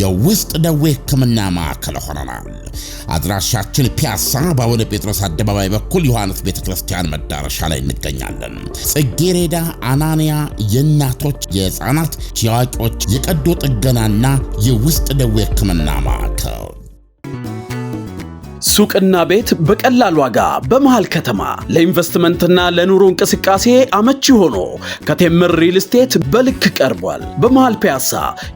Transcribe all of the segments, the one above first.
የውስጥ ደዌ ሕክምና ማዕከል ሆነናል። አድራሻችን ፒያሳ በአቡነ ጴጥሮስ አደባባይ በኩል ዮሐንስ ቤተ ክርስቲያን መዳረሻ ላይ እንገኛለን። ጽጌሬዳ፣ አናንያ የእናቶች የሕፃናት፣ የአዋቂዎች የቀዶ ጥገናና የውስጥ ደዌ ሕክምና ማዕከል ሱቅና ቤት በቀላል ዋጋ በመሃል ከተማ ለኢንቨስትመንትና ለኑሮ እንቅስቃሴ አመቺ ሆኖ ከቴምር ሪል ስቴት በልክ ቀርቧል። በመሃል ፒያሳ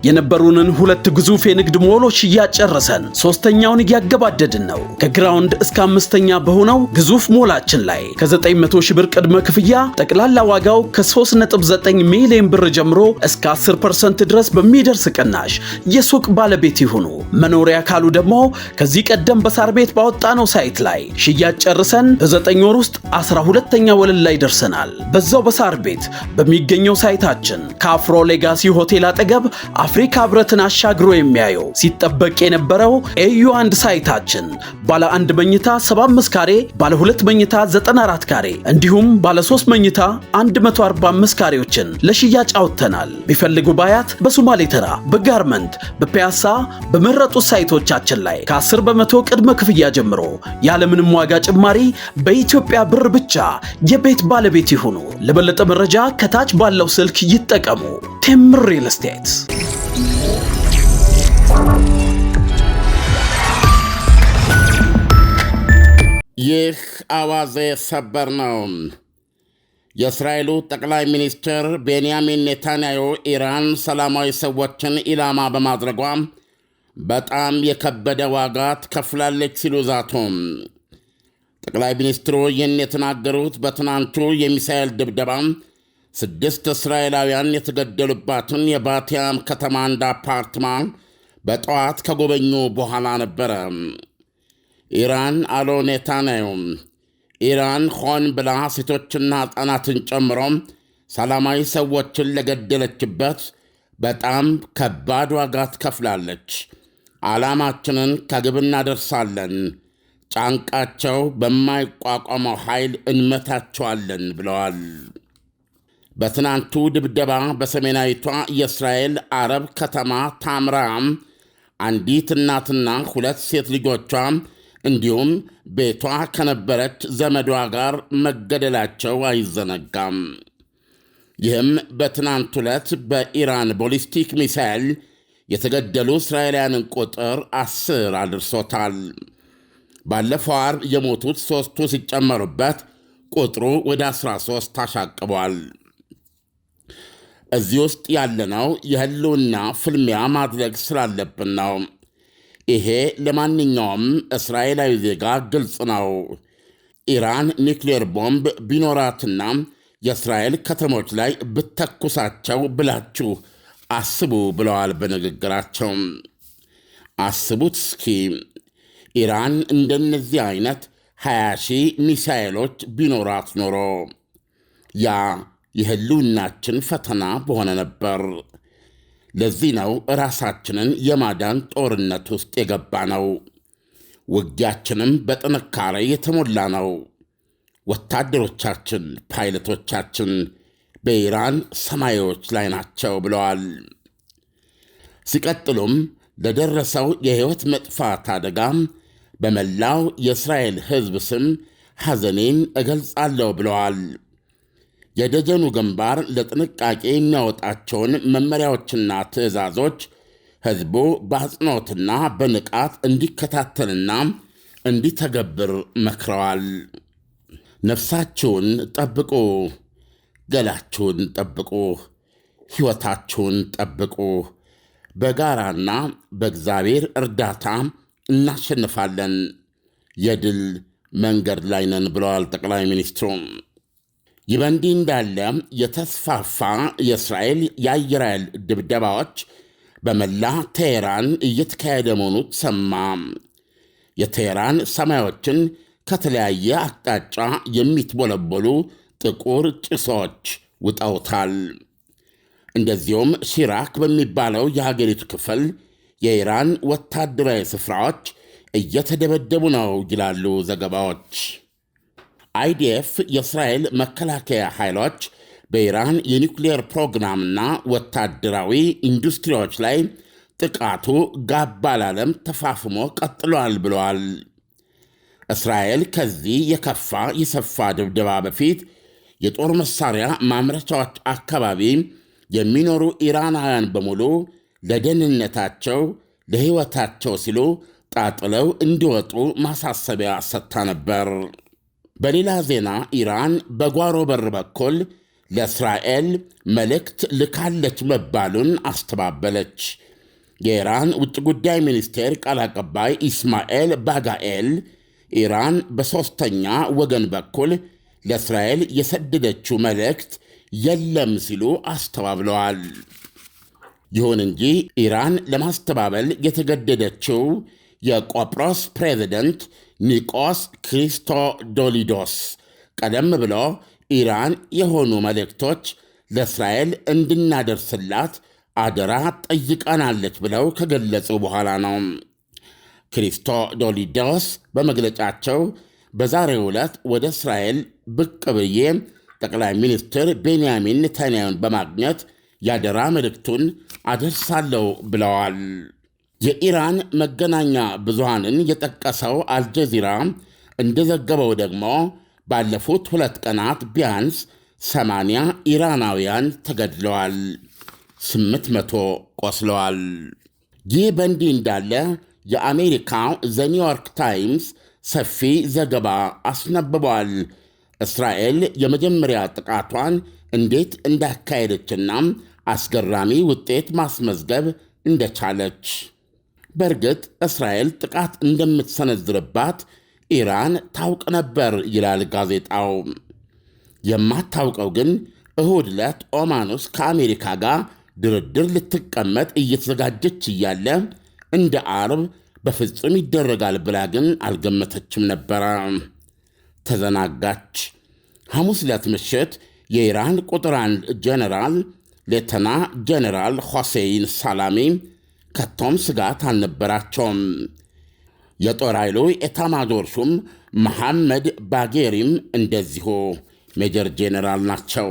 የነበሩንን ሁለት ግዙፍ የንግድ ሞሎች እያጨረሰን ሶስተኛውን እያገባደድን ነው። ከግራውንድ እስከ አምስተኛ በሆነው ግዙፍ ሞላችን ላይ ከ900 ሺህ ብር ቅድመ ክፍያ ጠቅላላ ዋጋው ከ3.9 ሚሊዮን ብር ጀምሮ እስከ 10 ፐርሰንት ድረስ በሚደርስ ቅናሽ የሱቅ ባለቤት ይሁኑ። መኖሪያ ካሉ ደግሞ ከዚህ ቀደም በሳር ቤት ባወጣነው ሳይት ላይ ሽያጭ ጨርሰን በዘጠኝ ወር ውስጥ አስራ ሁለተኛ ወለል ላይ ደርሰናል። በዛው በሳር ቤት በሚገኘው ሳይታችን ከአፍሮ ሌጋሲ ሆቴል አጠገብ አፍሪካ ህብረትን አሻግሮ የሚያየው ሲጠበቅ የነበረው ኤዩ አንድ ሳይታችን ባለ አንድ መኝታ 75 ካሬ፣ ባለ ሁለት መኝታ 94 ካሬ እንዲሁም ባለ ሶስት መኝታ 145 ካሬዎችን ለሽያጭ አውጥተናል። ቢፈልጉ ባያት፣ በሶማሌ ተራ፣ በጋርመንት፣ በፒያሳ በመረጡት ሳይቶቻችን ላይ ከ10 በመቶ ቅድመ ክፍያ ክፍያ ጀምሮ ያለምንም ዋጋ ጭማሪ በኢትዮጵያ ብር ብቻ የቤት ባለቤት ይሁኑ። ለበለጠ መረጃ ከታች ባለው ስልክ ይጠቀሙ። ቴምር ሪል ስቴት ይህ አዋዜ ሰበር ነው። የእስራኤሉ ጠቅላይ ሚኒስትር ቤንያሚን ኔታንያሁ ኢራን ሰላማዊ ሰዎችን ኢላማ በማድረጓ በጣም የከበደ ዋጋ ትከፍላለች ሲሉ ዛቱ ጠቅላይ ሚኒስትሩ ይህን የተናገሩት በትናንቱ የሚሳኤል ድብደባ ስድስት እስራኤላውያን የተገደሉባትን የባቲያም ከተማ አንድ አፓርትማ በጠዋት ከጎበኙ በኋላ ነበረ። ኢራን አሎ ኔታንያሁ ኢራን ሆን ብላ ሴቶችና ሕፃናትን ጨምሮ ሰላማዊ ሰዎችን ለገደለችበት በጣም ከባድ ዋጋ ትከፍላለች። ዓላማችንን ከግብ እናደርሳለን፣ ጫንቃቸው በማይቋቋመው ኃይል እንመታቸዋለን ብለዋል። በትናንቱ ድብደባ በሰሜናዊቷ የእስራኤል አረብ ከተማ ታምራ አንዲት እናትና ሁለት ሴት ልጆቿ እንዲሁም ቤቷ ከነበረች ዘመዷ ጋር መገደላቸው አይዘነጋም። ይህም በትናንት ዕለት በኢራን ቦሊስቲክ ሚሳይል የተገደሉ እስራኤላውያንን ቁጥር አስር አድርሶታል። ባለፈው አርብ የሞቱት ሦስቱ ሲጨመሩበት ቁጥሩ ወደ 13 ታሻቅቧል። እዚህ ውስጥ ያለነው የህልውና ፍልሚያ ማድረግ ስላለብን ነው። ይሄ ለማንኛውም እስራኤላዊ ዜጋ ግልጽ ነው። ኢራን ኒውክሌር ቦምብ ቢኖራትና የእስራኤል ከተሞች ላይ ብተኩሳቸው ብላችሁ አስቡ ብለዋል በንግግራቸው። አስቡት እስኪ ኢራን እንደነዚህ አይነት 20 ሺህ ሚሳኤሎች ቢኖራት ኖሮ ያ የህልውናችን ፈተና በሆነ ነበር። ለዚህ ነው ራሳችንን የማዳን ጦርነት ውስጥ የገባ ነው። ውጊያችንም በጥንካሬ የተሞላ ነው። ወታደሮቻችን፣ ፓይለቶቻችን በኢራን ሰማዮች ላይ ናቸው ብለዋል። ሲቀጥሉም ለደረሰው የሕይወት መጥፋት አደጋ በመላው የእስራኤል ሕዝብ ስም ሐዘኔን እገልጻለሁ ብለዋል። የደጀኑ ግንባር ለጥንቃቄ የሚያወጣቸውን መመሪያዎችና ትዕዛዞች ሕዝቡ በአጽንኦትና በንቃት እንዲከታተልና እንዲተገብር መክረዋል። ነፍሳችሁን ጠብቁ ገላችሁን ጠብቁ፣ ሕይወታችሁን ጠብቁ። በጋራና በእግዚአብሔር እርዳታ እናሸንፋለን። የድል መንገድ ላይ ነን ብለዋል ጠቅላይ ሚኒስትሩ። ይህ በእንዲህ እንዳለ የተስፋፋ የእስራኤል የአየር ኃይል ድብደባዎች በመላ ቴሄራን እየተካሄደ መሆኑ ተሰማ። የቴሄራን ሰማዮችን ከተለያየ አቅጣጫ የሚትቦለበሉ ጥቁር ጭሶች ውጠውታል። እንደዚሁም ሲራክ በሚባለው የሀገሪቱ ክፍል የኢራን ወታደራዊ ስፍራዎች እየተደበደቡ ነው ይላሉ ዘገባዎች። አይዲኤፍ የእስራኤል መከላከያ ኃይሎች በኢራን የኒውክሌር ፕሮግራምና ወታደራዊ ኢንዱስትሪዎች ላይ ጥቃቱ ጋባ ላለም ተፋፍሞ ቀጥሏል ብለዋል። እስራኤል ከዚህ የከፋ የሰፋ ድብደባ በፊት የጦር መሳሪያ ማምረቻዎች አካባቢ የሚኖሩ ኢራናውያን በሙሉ ለደህንነታቸው፣ ለሕይወታቸው ሲሉ ጣጥለው እንዲወጡ ማሳሰቢያ ሰጥታ ነበር። በሌላ ዜና ኢራን በጓሮ በር በኩል ለእስራኤል መልእክት ልካለች መባሉን አስተባበለች። የኢራን ውጭ ጉዳይ ሚኒስቴር ቃል አቀባይ ኢስማኤል ባጋኤል ኢራን በሦስተኛ ወገን በኩል ለእስራኤል የሰደደችው መልእክት የለም ሲሉ አስተባብለዋል። ይሁን እንጂ ኢራን ለማስተባበል የተገደደችው የቆጵሮስ ፕሬዚደንት ኒቆስ ክሪስቶዶሊዶስ ቀደም ብሎ ኢራን የሆኑ መልእክቶች ለእስራኤል እንድናደርስላት አደራ ጠይቀናለች ብለው ከገለጹ በኋላ ነው። ክሪስቶዶሊዶስ በመግለጫቸው በዛሬው ዕለት ወደ እስራኤል ብቅ ብዬ ጠቅላይ ሚኒስትር ቤንያሚን ኔታንያሁን በማግኘት ያደራ መልእክቱን አደርሳለሁ ብለዋል። የኢራን መገናኛ ብዙሃንን የጠቀሰው አልጀዚራ እንደዘገበው ደግሞ ባለፉት ሁለት ቀናት ቢያንስ ሰማንያ ኢራናውያን ተገድለዋል፣ 800 ቆስለዋል። ይህ በእንዲህ እንዳለ የአሜሪካው ዘኒዮርክ ታይምስ ሰፊ ዘገባ አስነብቧል። እስራኤል የመጀመሪያ ጥቃቷን እንዴት እንዳካሄደችና አስገራሚ ውጤት ማስመዝገብ እንደቻለች። በእርግጥ እስራኤል ጥቃት እንደምትሰነዝርባት ኢራን ታውቅ ነበር ይላል ጋዜጣው። የማታውቀው ግን እሁድ ዕለት ኦማን ውስጥ ከአሜሪካ ጋር ድርድር ልትቀመጥ እየተዘጋጀች እያለ እንደ አርብ በፍጹም ይደረጋል ብላ ግን አልገመተችም ነበረ። ተዘናጋች። ሐሙስ ዕለት ምሽት የኢራን ቁጥር አንድ ጀነራል ሌተና ጀነራል ሆሴይን ሳላሚ ከቶም ስጋት አልነበራቸውም። የጦር ኃይሉ ኤታማዦር ሹም መሐመድ ባጌሪም እንደዚሁ ሜጀር ጄኔራል ናቸው።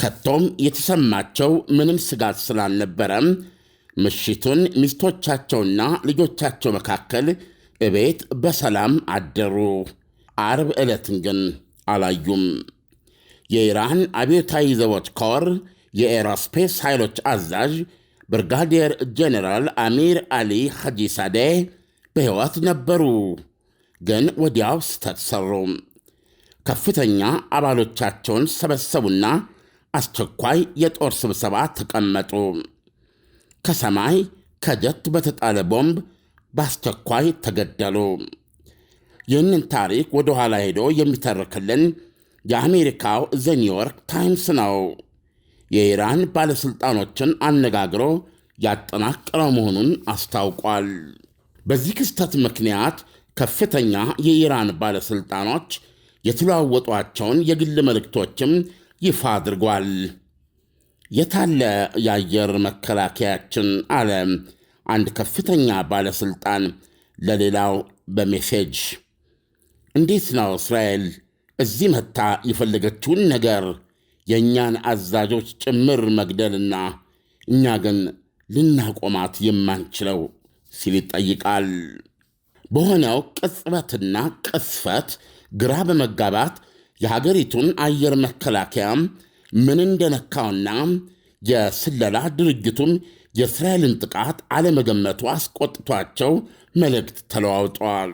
ከቶም የተሰማቸው ምንም ስጋት ስላልነበረም ምሽቱን ሚስቶቻቸውና ልጆቻቸው መካከል እቤት በሰላም አደሩ። አርብ ዕለትን ግን አላዩም። የኢራን አብዮታዊ ዘቦች ኮር የኤሮስፔስ ኃይሎች አዛዥ ብርጋዴር ጄኔራል አሚር አሊ ሐጂ ሳዴ በሕይወት ነበሩ፣ ግን ወዲያው ስተት ሰሩ። ከፍተኛ አባሎቻቸውን ሰበሰቡና አስቸኳይ የጦር ስብሰባ ተቀመጡ። ከሰማይ ከጀት በተጣለ ቦምብ በአስቸኳይ ተገደሉ። ይህንን ታሪክ ወደ ኋላ ሄዶ የሚተርክልን የአሜሪካው ዘ ታይምስ ነው። የኢራን ባለሥልጣኖችን አነጋግሮ ያጠናቀረ መሆኑን አስታውቋል። በዚህ ክስተት ምክንያት ከፍተኛ የኢራን ባለሥልጣኖች የተለዋወጧቸውን የግል መልእክቶችም ይፋ አድርጓል። የታለ የአየር መከላከያችን አለ አንድ ከፍተኛ ባለሥልጣን ለሌላው በሜሴጅ። እንዴት ነው እስራኤል እዚህ መታ የፈለገችውን ነገር የእኛን አዛዦች ጭምር መግደልና እኛ ግን ልናቆማት የማንችለው ሲል ይጠይቃል። በሆነው ቅጽበትና ቅስፈት ግራ በመጋባት የሀገሪቱን አየር መከላከያም ምን እንደነካውና የስለላ ድርጅቱን የእስራኤልን ጥቃት አለመገመቱ አስቆጥቷቸው መልእክት ተለዋውጠዋል።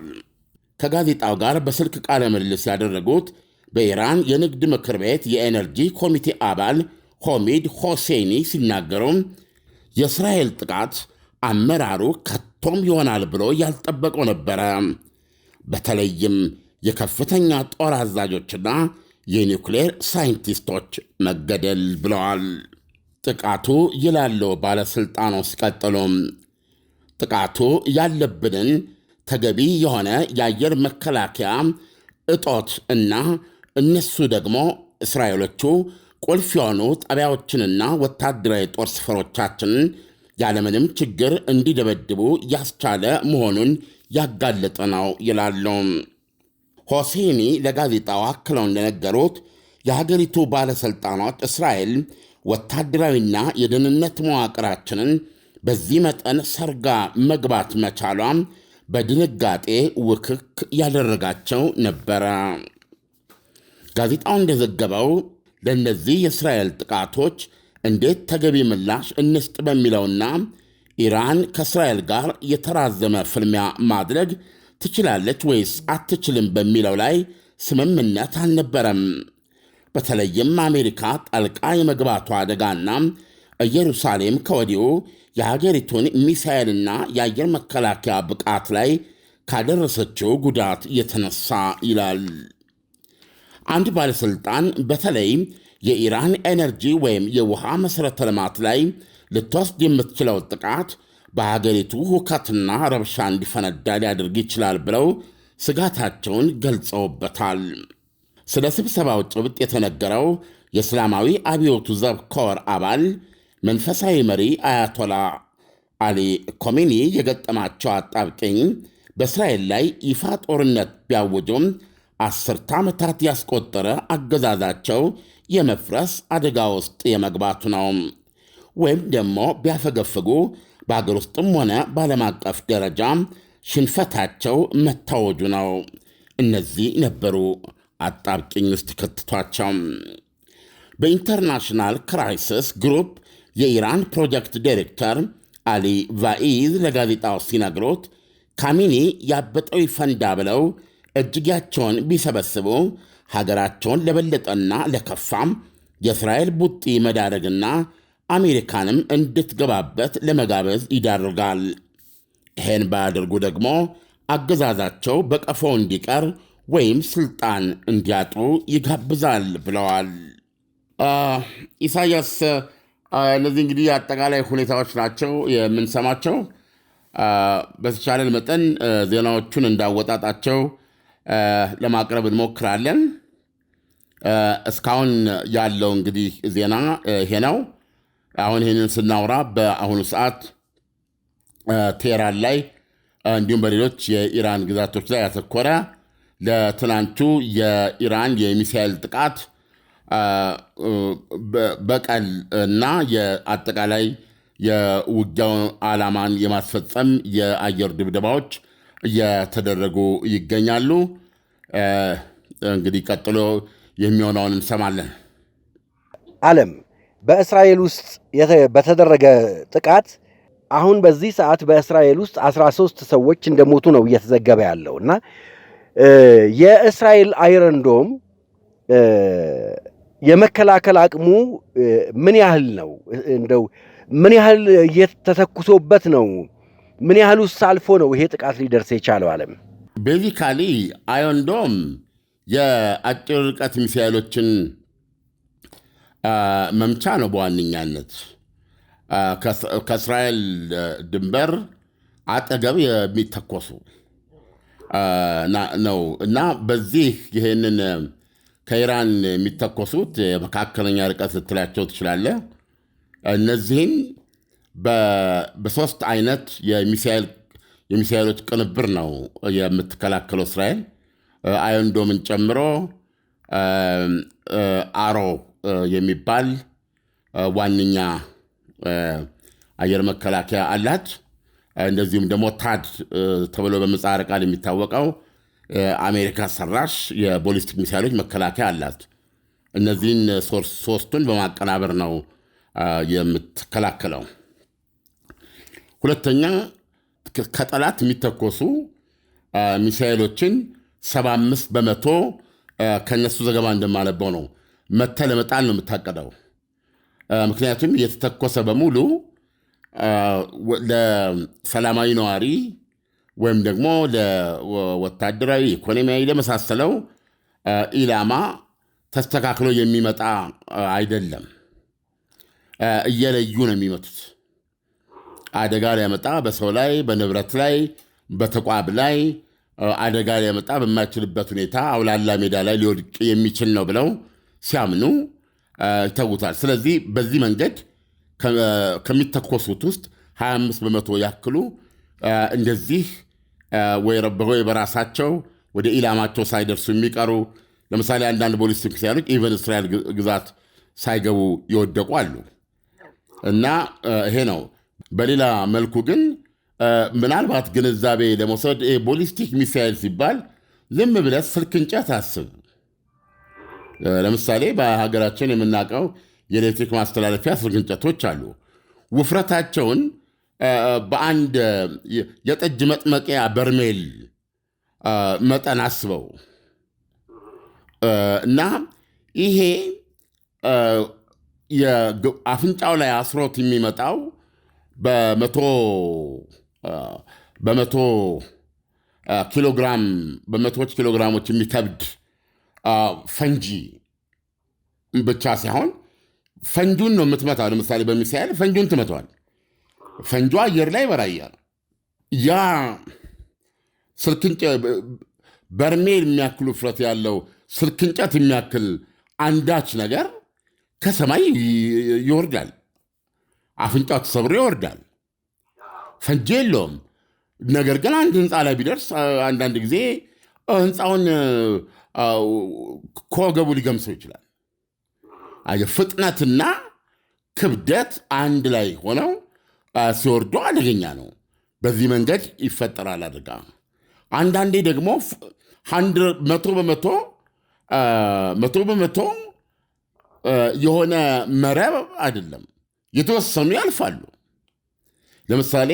ከጋዜጣው ጋር በስልክ ቃለ ምልልስ ያደረጉት በኢራን የንግድ ምክር ቤት የኤነርጂ ኮሚቴ አባል ሆሚድ ሆሴኒ ሲናገሩ የእስራኤል ጥቃት አመራሩ ከቶም ይሆናል ብሎ ያልጠበቀው ነበረ። በተለይም የከፍተኛ ጦር አዛዦችና የኒውክሌር ሳይንቲስቶች መገደል ብለዋል። ጥቃቱ ይላሉ ባለሥልጣኑ ሲቀጥሉም፣ ጥቃቱ ያለብንን ተገቢ የሆነ የአየር መከላከያ እጦት እና እነሱ ደግሞ እስራኤሎቹ ቁልፍ የሆኑ ጣቢያዎችንና ወታደራዊ ጦር ሰፈሮቻችንን ያለምንም ችግር እንዲደበድቡ ያስቻለ መሆኑን ያጋለጠ ነው ይላሉ። ሆሴኒ ለጋዜጣው አክለው እንደነገሩት የሀገሪቱ ባለሥልጣናት እስራኤል ወታደራዊና የደህንነት መዋቅራችንን በዚህ መጠን ሰርጋ መግባት መቻሏ በድንጋጤ ውክክ ያደረጋቸው ነበረ። ጋዜጣው እንደዘገበው ለእነዚህ የእስራኤል ጥቃቶች እንዴት ተገቢ ምላሽ እንስጥ በሚለውና ኢራን ከእስራኤል ጋር የተራዘመ ፍልሚያ ማድረግ ትችላለች ወይስ አትችልም በሚለው ላይ ስምምነት አልነበረም። በተለይም አሜሪካ ጣልቃ የመግባቱ አደጋና ኢየሩሳሌም ከወዲሁ የሀገሪቱን ሚሳኤልና የአየር መከላከያ ብቃት ላይ ካደረሰችው ጉዳት የተነሳ ይላል። አንድ ባለሥልጣን በተለይ የኢራን ኤነርጂ ወይም የውሃ መሠረተ ልማት ላይ ልትወስድ የምትችለው ጥቃት በሀገሪቱ ሁከትና ረብሻ እንዲፈነዳ ሊያደርግ ይችላል ብለው ስጋታቸውን ገልጸውበታል። ስለ ስብሰባው ጭብጥ የተነገረው የእስላማዊ አብዮቱ ዘብ ኮር አባል መንፈሳዊ መሪ አያቶላ አሊ ኮሜኒ የገጠማቸው አጣብቂኝ በእስራኤል ላይ ይፋ ጦርነት ቢያውጁም አስርት ዓመታት ያስቆጠረ አገዛዛቸው የመፍረስ አደጋ ውስጥ የመግባቱ ነው። ወይም ደግሞ ቢያፈገፍጉ በአገር ውስጥም ሆነ በዓለም አቀፍ ደረጃ ሽንፈታቸው መታወጁ ነው። እነዚህ ነበሩ አጣብቂኝ ውስጥ ከትቷቸው። በኢንተርናሽናል ክራይሲስ ግሩፕ የኢራን ፕሮጀክት ዳይሬክተር አሊ ቫኢዝ ለጋዜጣው ሲነግሩት ካሚኒ ያበጠው ይፈንዳ ብለው እጅጌያቸውን ቢሰበስቡ ሀገራቸውን ለበለጠና ለከፋም የእስራኤል ቡጢ መዳረግና አሜሪካንም እንድትገባበት ለመጋበዝ ይዳርጋል። ይህን ባያደርጉ ደግሞ አገዛዛቸው በቀፎ እንዲቀር ወይም ስልጣን እንዲያጡ ይጋብዛል ብለዋል። ኢሳያስ፣ እነዚህ እንግዲህ አጠቃላይ ሁኔታዎች ናቸው የምንሰማቸው። በተቻለን መጠን ዜናዎቹን እንዳወጣጣቸው ለማቅረብ እንሞክራለን። እስካሁን ያለው እንግዲህ ዜና ይሄ ነው። አሁን ይህንን ስናወራ በአሁኑ ሰዓት ቴህራን ላይ እንዲሁም በሌሎች የኢራን ግዛቶች ላይ ያተኮረ ለትናንቱ የኢራን የሚሳኤል ጥቃት በቀል እና የአጠቃላይ የውጊያው ዓላማን የማስፈጸም የአየር ድብደባዎች እየተደረጉ ይገኛሉ። እንግዲህ ቀጥሎ የሚሆነውን እንሰማለን። አለም በእስራኤል ውስጥ በተደረገ ጥቃት አሁን በዚህ ሰዓት በእስራኤል ውስጥ 13 ሰዎች እንደሞቱ ነው እየተዘገበ ያለው እና የእስራኤል አይረንዶም የመከላከል አቅሙ ምን ያህል ነው? እንደው ምን ያህል እየተተኩሶበት ነው? ምን ያህል ውስጥ አልፎ ነው ይሄ ጥቃት ሊደርስ የቻለው? አለም ቤዚካሊ አዮንዶም የአጭር ርቀት ሚሳይሎችን መምቻ ነው። በዋነኛነት ከእስራኤል ድንበር አጠገብ የሚተኮሱ ነው እና በዚህ ይህንን ከኢራን የሚተኮሱት የመካከለኛ ርቀት ልትላቸው ትችላለ። እነዚህን በሶስት አይነት የሚሳይሎች ቅንብር ነው የምትከላከለው እስራኤል አዮንዶምን ጨምሮ አሮ የሚባል ዋነኛ አየር መከላከያ አላት። እንደዚሁም ደግሞ ታድ ተብሎ በምህጻረ ቃል የሚታወቀው አሜሪካ ሰራሽ የቦሊስቲክ ሚሳይሎች መከላከያ አላት። እነዚህን ሶስቱን በማቀናበር ነው የምትከላከለው። ሁለተኛ ከጠላት የሚተኮሱ ሚሳይሎችን 75 በመቶ ከነሱ ዘገባ እንደማነበው ነው መተ ለመጣል ነው የምታቀደው። ምክንያቱም የተተኮሰ በሙሉ ለሰላማዊ ነዋሪ ወይም ደግሞ ለወታደራዊ፣ ኢኮኖሚያዊ ለመሳሰለው ኢላማ ተስተካክሎ የሚመጣ አይደለም። እየለዩ ነው የሚመቱት። አደጋ ሊያመጣ በሰው ላይ፣ በንብረት ላይ፣ በተቋም ላይ አደጋ ሊያመጣ በማይችልበት ሁኔታ አውላላ ሜዳ ላይ ሊወድቅ የሚችል ነው ብለው ሲያምኑ ይተውታል። ስለዚህ በዚህ መንገድ ከሚተኮሱት ውስጥ 25 በመቶ ያክሉ እንደዚህ ወይ በራሳቸው ወደ ኢላማቸው ሳይደርሱ የሚቀሩ ለምሳሌ አንዳንድ ቦሊስቲክ ሚሳይሎች ኢቨን እስራኤል ግዛት ሳይገቡ የወደቁ አሉ እና ይሄ ነው። በሌላ መልኩ ግን ምናልባት ግንዛቤ ለመውሰድ ቦሊስቲክ ሚሳይል ሲባል ዝም ብለህ ስልክ እንጨት አስብ ለምሳሌ በሀገራችን የምናውቀው የኤሌክትሪክ ማስተላለፊያ ስርግ እንጨቶች አሉ። ውፍረታቸውን በአንድ የጠጅ መጥመቂያ በርሜል መጠን አስበው እና ይሄ አፍንጫው ላይ አስሮት የሚመጣው በመቶ ኪሎግራም በመቶዎች ኪሎግራሞች የሚከብድ ፈንጂ ብቻ ሳይሆን ፈንጁን ነው የምትመታው። ለምሳሌ በሚሳይል ፈንጁን ትመተዋል። ፈንጁ አየር ላይ ይበራያል። ያ ስልክንጨ በርሜል የሚያክል ውፍረት ያለው ስልክ እንጨት የሚያክል አንዳች ነገር ከሰማይ ይወርዳል። አፍንጫው ተሰብሮ ይወርዳል። ፈንጂ የለውም። ነገር ግን አንድ ህንፃ ላይ ቢደርስ አንዳንድ ጊዜ ህንፃውን ከወገቡ ሊገምሰው ይችላል። ፍጥነትና ክብደት አንድ ላይ ሆነው ሲወርዱ አደገኛ ነው። በዚህ መንገድ ይፈጠራል አደጋ። አንዳንዴ ደግሞ መቶ በመቶ መቶ በመቶ የሆነ መረብ አይደለም፣ የተወሰኑ ያልፋሉ። ለምሳሌ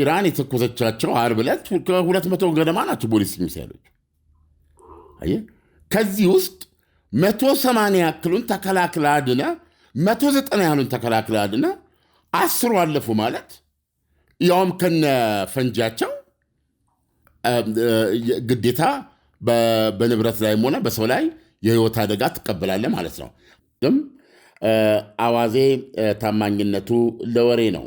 ኢራን የተኮሰቻቸው አርብ ዕለት ከሁለት መቶ ገደማ ናቸው ቦሊስቲክ ሚሳይሎች ከዚህ ውስጥ መቶ ሰማንያ ያክሉን ተከላክለ አድነ መቶ ዘጠና ያህሉን ተከላክለ አድነ አስሩ አለፉ ማለት ያውም ከነ ፈንጃቸው ግዴታ በንብረት ላይም ሆነ በሰው ላይ የህይወት አደጋ ትቀበላለህ ማለት ነው። ግን አዋዜ ታማኝነቱ ለወሬ ነው።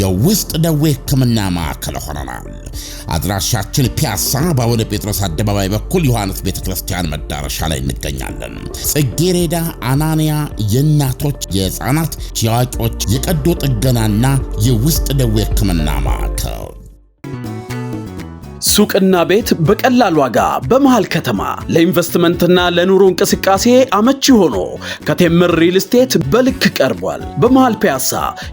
የውስጥ ደዌ ሕክምና ማዕከል ሆነናል። አድራሻችን ፒያሳ በአቡነ ጴጥሮስ አደባባይ በኩል ዮሐንስ ቤተ ክርስቲያን መዳረሻ ላይ እንገኛለን። ጽጌሬዳ፣ አናንያ፣ የእናቶች የህፃናት፣ የአዋቂዎች የቀዶ ጥገናና የውስጥ ደዌ ሕክምና ማዕከል ሱቅና ቤት በቀላል ዋጋ በመሃል ከተማ ለኢንቨስትመንትና ለኑሮ እንቅስቃሴ አመቺ ሆኖ ከቴምር ሪል ስቴት በልክ ቀርቧል። በመሃል ፒያሳ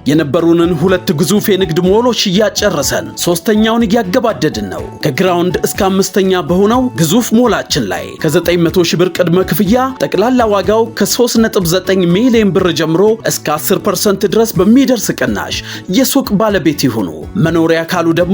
የነበሩንን ሁለት ግዙፍ የንግድ ሞሎች እያጨረሰን ሶስተኛውን እያገባደድን ነው። ከግራውንድ እስከ አምስተኛ በሆነው ግዙፍ ሞላችን ላይ ከ900 ሺህ ብር ቅድመ ክፍያ ጠቅላላ ዋጋው ከ3.9 ሚሊዮን ብር ጀምሮ እስከ 10% ድረስ በሚደርስ ቅናሽ የሱቅ ባለቤት ይሁኑ። መኖሪያ ካሉ ደግሞ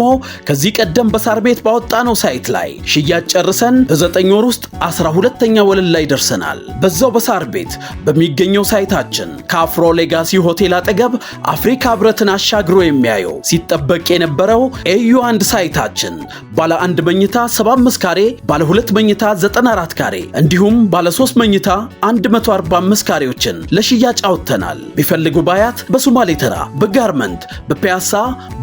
ከዚህ ቀደም በሳር ቤት ለሽያጭ ባወጣነው ሳይት ላይ ሽያጭ ጨርሰን በዘጠኝ ወር ውስጥ አስራ ሁለተኛ ወለል ላይ ደርሰናል። በዛው በሳር ቤት በሚገኘው ሳይታችን ከአፍሮ ሌጋሲ ሆቴል አጠገብ አፍሪካ ህብረትን አሻግሮ የሚያየው ሲጠበቅ የነበረው ኤዩ አንድ ሳይታችን ባለ አንድ መኝታ 75 ካሬ፣ ባለ ሁለት መኝታ 94 ካሬ እንዲሁም ባለ ሶስት መኝታ 145 ካሬዎችን ለሽያጭ አውጥተናል። ቢፈልጉ ባያት፣ በሶማሌ ተራ፣ በጋርመንት፣ በፒያሳ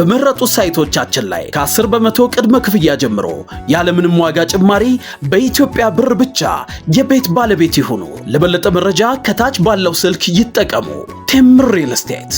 በመረጡት ሳይቶቻችን ላይ ከ10 በመቶ ቅድመ ክፍያ ክፍያ ጀምሮ ያለምንም ዋጋ ጭማሪ በኢትዮጵያ ብር ብቻ የቤት ባለቤት ይሁኑ። ለበለጠ መረጃ ከታች ባለው ስልክ ይጠቀሙ። ቴምር ሪል ስቴት